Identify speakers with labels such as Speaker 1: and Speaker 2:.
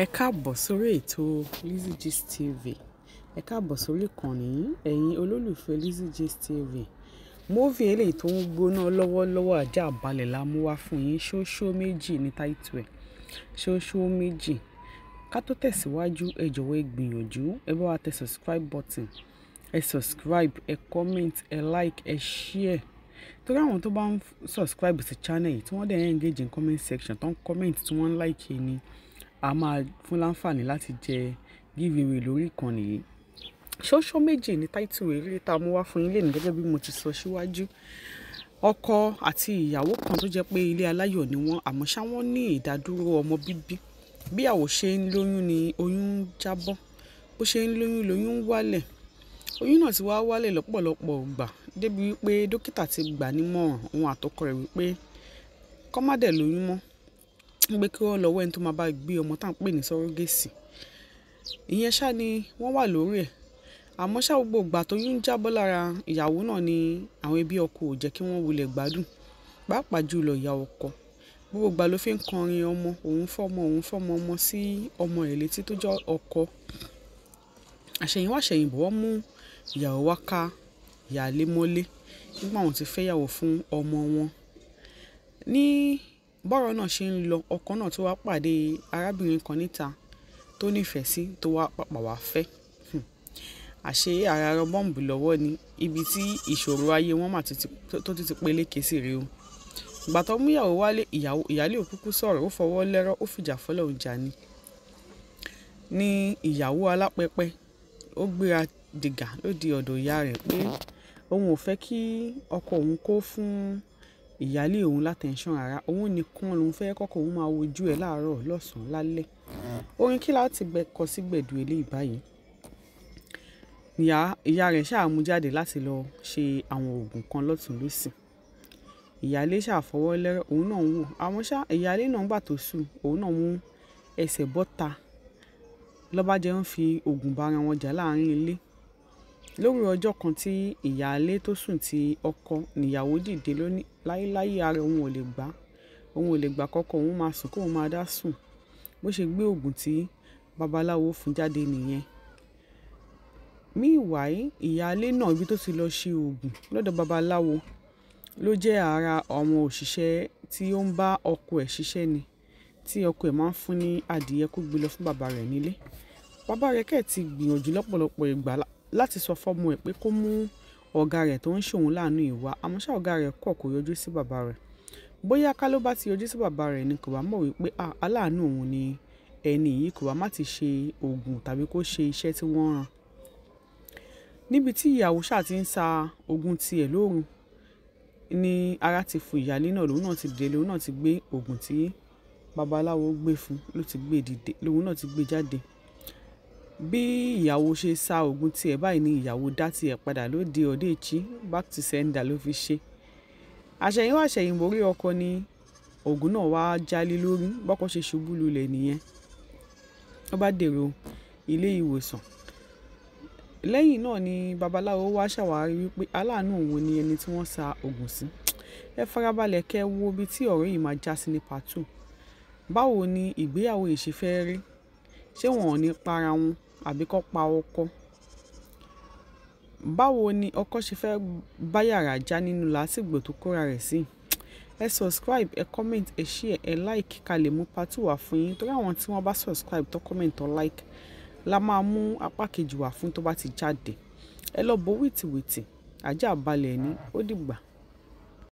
Speaker 1: ẹ káàbọ̀ sórí ètò lizzygist tv ẹ káàbọ̀ sórí ìkànnì ẹ̀yin olólùfẹ́ lizzygist tv móvì eléyìí tó ń gbóná lọ́wọ́lọ́wọ́ ajá balẹ̀ la mú wá fún yín ṣóṣó méjì ní táìtù ẹ̀ ṣóṣó méjì ká tó tẹ̀síwájú ẹ jọ̀wọ́ ẹ gbìyànjú ẹ bá wa tẹ subscribe button ẹ subscribe ẹ comment ẹ like ẹ share torí àwọn tó bá ń subscribe sí channel yìí tí wọ́n dẹ̀ ń engage in comment section tó ń comment tí wọ́n ń like yìí ni a máa fún láǹfààní láti jẹ giveaway lórí ìkànnì yìí ṣóńṣó méjì ní táìtù eré tá a mú wá fún yín lẹ́nu gẹ́gẹ́ bí mo ti sọ síwájú ọkọ àti ìyàwó kan tó jẹ́ pé ilé aláyọ̀ ni wọ́n àmọ́ ṣá wọ́n ní ìdádúró ọmọ bíbí bí àwò ṣe ń lóyún ni oyún ń jábọ́ bó ṣe ń lóyún lóyún ń wálẹ̀ oyún náà ti wá wálẹ̀ lọ́pọ̀lọpọ̀ gbà débi wípé dókítà ti gbà nímọ̀ràn òun àtọkọ rẹ̀ wípé kó má dẹ̀ lóyún mọ́ pé kí wọ́n lọ́wọ́ ẹni tó máa bá gbé ọmọ tá à ń pè ní sọ́rọ́gẹ̀sì ìyẹn ṣá ni wọ́n wà lórí ẹ̀ àmọ́ ṣá gbogbo ìgbà tóyún ń jábọ́ lára ìyàwó náà ni àwọn ẹbí ọkọ ò jẹ́ kí wọ́n wulẹ̀ gbádùn pàápàá jùlọ ìyá ọkọ gbogbo ìgbà ló fi ń kọrin ọmọ òun fọmọ òun fọmọ ọmọ sí ọmọ ẹ̀ létí tó jọ ọkọ àṣẹ̀yìnwá àṣẹ̀yìnbọ̀ wọ́n mú ìyàwó wá ká ìyáálé nígbà wọn ti fẹ́yàwó fún ọmọ wọn ní bọ́rọ̀ náà ṣe ń lọ ọkọ náà tó wá pàdé arábìnrin kan níta tó nífẹ̀ẹ́ sí tó wá pàpà wá fẹ́ hmm. àṣé ara rọ bọ́ǹbù lọ́wọ́ ni ibi tí ìṣòro ayé wọn mà tó ti ti peléke sí rèé o ìgbà tó mú ìyàwó wálé ìyálé òkúkú sọ̀rọ̀ ó fọwọ́ lẹ́rọ̀ ó fìjà fọ́lọ̀ ọjà ni ní ìyàwó alápẹ̀pẹ̀ ó gbéra dìgà ló di ọ̀dọ̀ ìyá rẹ̀ pé òun ò fẹ́ kí ọkọ òun kó fún ìyáálé òun látẹ̀ǹṣán rárá òun nìkan lòun fẹ́ kọ́kọ́ òun máa wojú ẹ̀ láàárọ̀ lọ́sàn-án lálẹ́ orin kí láti kọ sí gbẹ̀du eléyìí báyìí ìyá ìyá rẹ̀ ṣáà mú jáde láti lọ ṣe àwọn oògùn kan lọ́tún lọ́sì ìyáálé ṣáà fọwọ́ lẹ́rọ̀ òun náà ń wò àwọn ṣá ìyáálé náà ń gbà tó sùn òun náà mú ẹsẹ̀ bọ́ta lọ́bàjẹ́ ń fi oògùn bára wọn jà láàrin ilé lóru ọjọ́ kan tí ìyáálé tó sùn ti ọkọ níyàwó dìde lónìí láéláé ara òun ò lè gbà òun ò lè gbà kọ́kọ́ òun máa sùn kóun máa dá sùn bó ṣe gbé oògùn tí babaláwo fún jáde nìyẹn míìwáì ìyáálé náà ibi tó ti lọ ṣe oògùn lọ́dọ̀ babaláwo ló jẹ́ ara àwọn òṣìṣẹ́ tí ó ń bá ọkọ ẹ̀ ṣiṣẹ́ ni tí ọkọ ẹ̀ máa ń fún ní adìyẹ kó gbé lọ fún bàbá rẹ̀ nílé bàbá rẹ̀ kẹ̀ ti gbìyànjú lọ́pọ̀lọpọ̀ ìgbà láti sọ fọ́mọ ẹ̀ pé kó mú ọ̀gá rẹ̀ tó ń ṣòun láàánú ìwà àmọ́ ṣá ọ̀gá rẹ̀ kọ̀ kó yọjú sí bàbá rẹ̀ bóyá ká ló bá ti yọjú sí bàbá rẹ̀ ni kò bá mọ̀ wípé aláàánú òun ni ẹni yìí kò bá má ti ṣe oògùn tàbí kó ṣe iṣẹ́ tí wọ́n rán níbi tí ìyàwó ṣáà ti ń sa oògùn tiẹ̀ lóru ni ara ti fún ìyáálé náà lòun náà ti dé lòun náà ti gbé oògùn tí babaláwo gbé fún lòun náà ti gbé jáde bí ìyàwó ṣe sa oògùn tiẹ̀ báyìí ni ìyàwó dá tiẹ̀ padà ló di ọ̀dẹ́ẹ̀chí back to sender ló fi ṣe àṣẹ̀yìnwá àṣẹ̀yìnbó rí ọkọ ni oògùn náà wá jálé lórí bọ́kọ ṣe ṣubú lulẹ̀ nìyẹn ó bá dèrò ilé ìwòsàn lẹ́yìn náà ni babaláwo wá ṣàwárí wípé aláàánú òun ni ẹni tí wọ́n sa oògùn sí ẹ farabalẹ̀ kẹ́ wo ibi tí ọ̀rọ̀ yìí máa já sí ní part two báwo ni ìgbéyàwó yìí ṣe fẹ́ rí ṣé wọn ò ní para wọn àbí kọ́ pa ọkọ báwo ni ọkọ ṣe fẹ́ bá yàrá já nínú làásìgbò tó kóra rẹ̀ sí ẹ subscribe ẹ comment ẹ share ẹ like ká lè mú part two wá fún yín torí àwọn tí wọ́n bá subscribe tó comment tó like la máa mú apá kejì wá fún tó bá ti jáde ẹ lọ bo wìtìwìtì ajá balẹ̀ ní ó dìgbà.